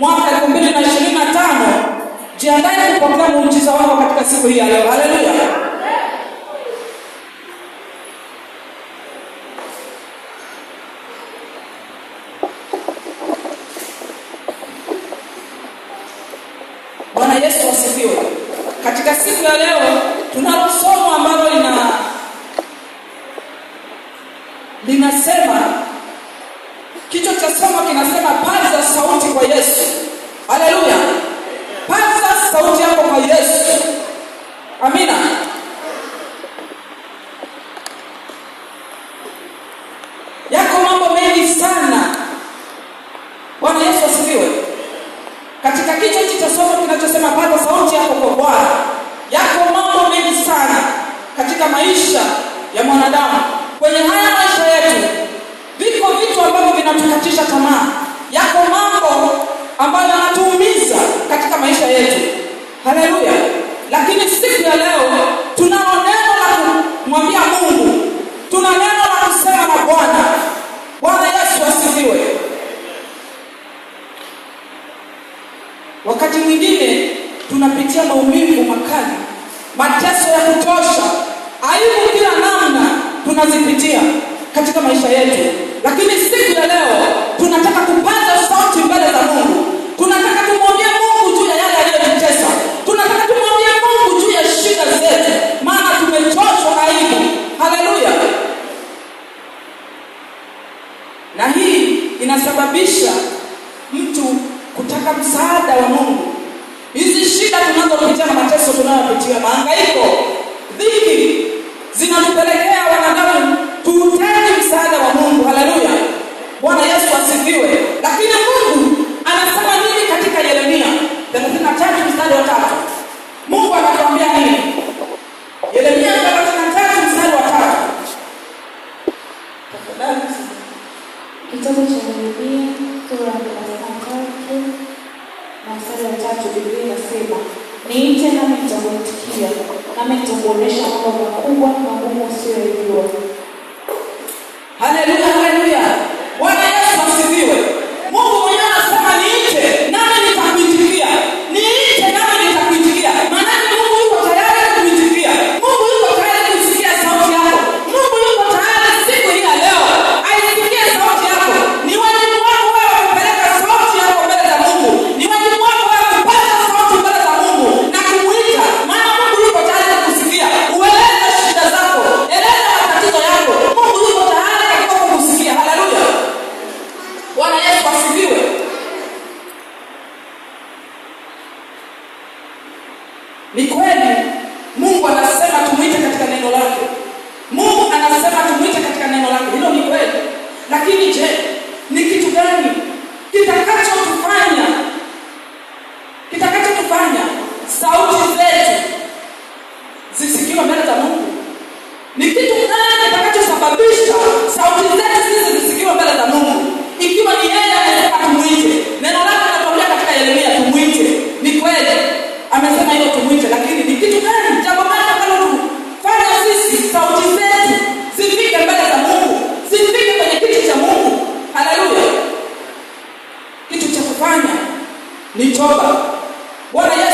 mwaka 2025, jiandae kupokea muujiza wako katika siku hii ya leo. Haleluya! Bwana Yesu asifiwe. Katika siku ya leo tunalo somo ambalo lina linasema Kichwa cha somo kinasema paza sauti kwa Yesu. Haleluya! Paza sauti yako kwa Yesu. Amina. Yako mambo mengi sana. Bwana Yesu asifiwe. Katika kichwa hichi cha somo kinachosema paza sauti yako kwa Bwana, yako mambo mengi sana katika maisha ya mwanadamu, kwenye haya maisha yetu inatukatisha tamaa. Yako mambo ambayo yanatuumiza katika maisha yetu. Haleluya! Lakini siku ya leo tunalo neno la kumwambia Mungu, tuna neno la kusema na Bwana. Bwana Yesu asifiwe. Wakati mwingine tunapitia maumivu makali, mateso ya kutosha, aibu kila namna tunazipitia katika maisha yetu inasababisha mtu kutaka msaada wa Mungu. Hizi shida tunazopitia na mateso tunayopitia, mahangaiko kitabu cha Nehemia sura ya thelathini na tatu mstari tatu Biblia inasema niite, nami nitakuitikia, nami nitakuonyesha mambo makubwa magumu usiyoyajua. Ni kweli Mungu anasema tumwite katika neno lake. Mungu anasema tumwite katika neno lake. Hilo ni kweli. Lakini je, ni toba. Bwana